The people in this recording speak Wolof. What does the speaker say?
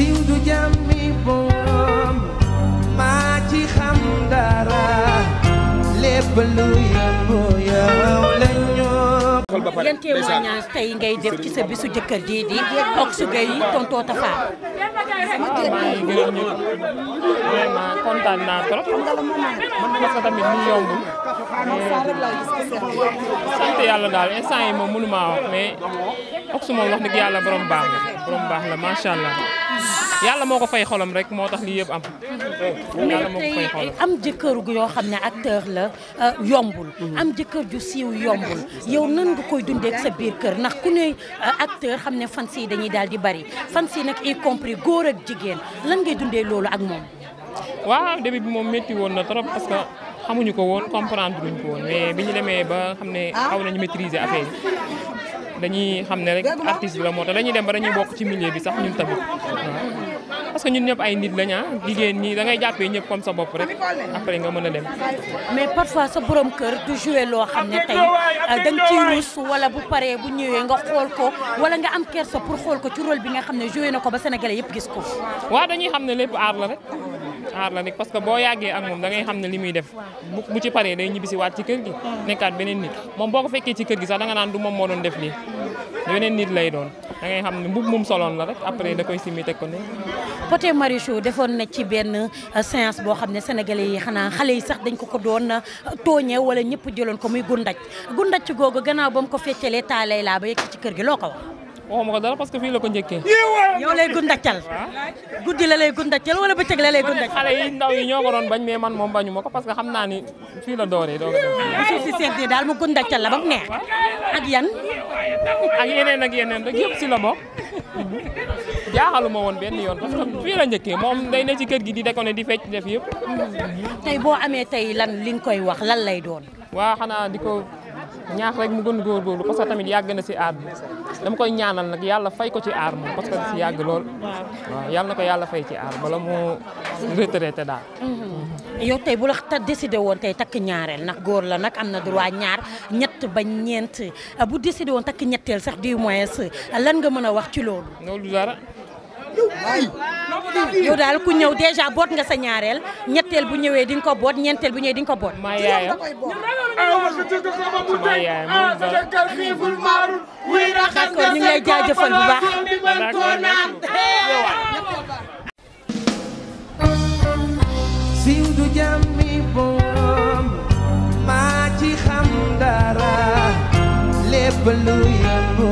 siiw du jàmmi boom maa ci xam dara lépp lu école ba pare tey ngay def ci sa bisu jëkkër ji di ok su gay tontoo Tafa. maa ngi gërëm naa trop parce que tamit ñu yombul sant yàlla daal instant yi moom mënu maa wax mais ok su moom wax dëgg yàlla borom baax la borom baax la macha allah. yàlla moo ko fay xolam rek moo tax lii yëpp am. yàlla moo am jëkkër gu yoo xam ne acteur la euh, yombul. Mhm. am jëkkër ju siiw yombul yow nan nga koy dundee ak sa biir kër ndax ku ne euh, acteur xam ne fans dañuy daal di bari fans yi nag y compris góor ak jigéen lan ngay dundee loolu ak moom. waaw début bi moom métti woon na trop parce xamuñu ko woon comprendre luñ ko woon mais bi ñu demee ba xam ne xaw nañu maîtriser affaire yi dañuy xam ne rek artiste bi la moo tax dañuy dem ba dañuy bokk ci milieu bi sax ñu tamit waaw. parce que ñun ñëpp ay nit lañ di ah. jigéen ñi da ngay jàppee ñëpp comme sa bopp rek après nga mën a dem. mais parfois sa borom kër du joué loo xam ne tey euh, da nga ciy rus wala bu paree bu ñëwee nga xool ko wala nga am kersa pour xool ko ci rôle bi nga xam ne joué na ko ba Sénégalais yëpp gis ko. aar la rek parce que boo yàggee ak moom da ngay xam ne li muy def bu ci paree day ñibbisi waat ci kër gi nekkaat beneen nit moom boo ko fekkee ci kër gi sax da nga naan du moom moo doon def lii beneen nit lay doon da ngay xam ne mbub mum soloon la rek après da koy simi teg ko ne Poté Marichou defoon na ci benn euh, séance boo xam ne sénégalais yi xanaa xale yi sax dañ ko ko doon euh, tooñee wala ñëpp jëloon ko muy gundaj gundaj ci googu gannaaw ba mu ko feccalee taalay laa ba ci kër gi loo ko waxuma ko dara parce que fii la ko njëkkee. yow lay gundacal. guddi la lay gundacal wala bëccëg la lay gundacal. xale yi ndaw yi ñoo ko doon bañ mais man moom bañu ma ko parce que xam naa ni fii la dooree doo ko def. si seet daal la ba mu neex. ak yan. ak yeneen ak yeneen rek yëpp si la bokk. jaaxaluma woon benn yoon parce que fii la njëkkee moom day ne ci kër gi di déconné di fecc def yëpp. tey boo amee tey lan li nga koy wax lan lay doon. waa xanaa di ko. ñaax rek mu gën góorgóorlu parce que tamit yàgg na si aar bi dama koy ñaanal nag yàlla fay ko ci aar moom parce que si yàgg lool waaw yàlla na ko yàlla fay ci aar bala mu retraité daal mm-hmm. yow tey bu la ta décidé woon tey takk ñaareel nag góor la nag am na droit ñaar ñett ba ñeent bu décidé woon takk ñetteel sax du moins lan nga mën a wax ci loolu loolu dara daal ñëw déjà boot nga sa ñaareel ñetteel bu ñëwee di ko boot ñeenteel bu ñëwee di ko boot. maa yaayam d'accord lay jaajëfal bu baax. Sindu jàmmi boom maa ci xam dara lépp lu yëngu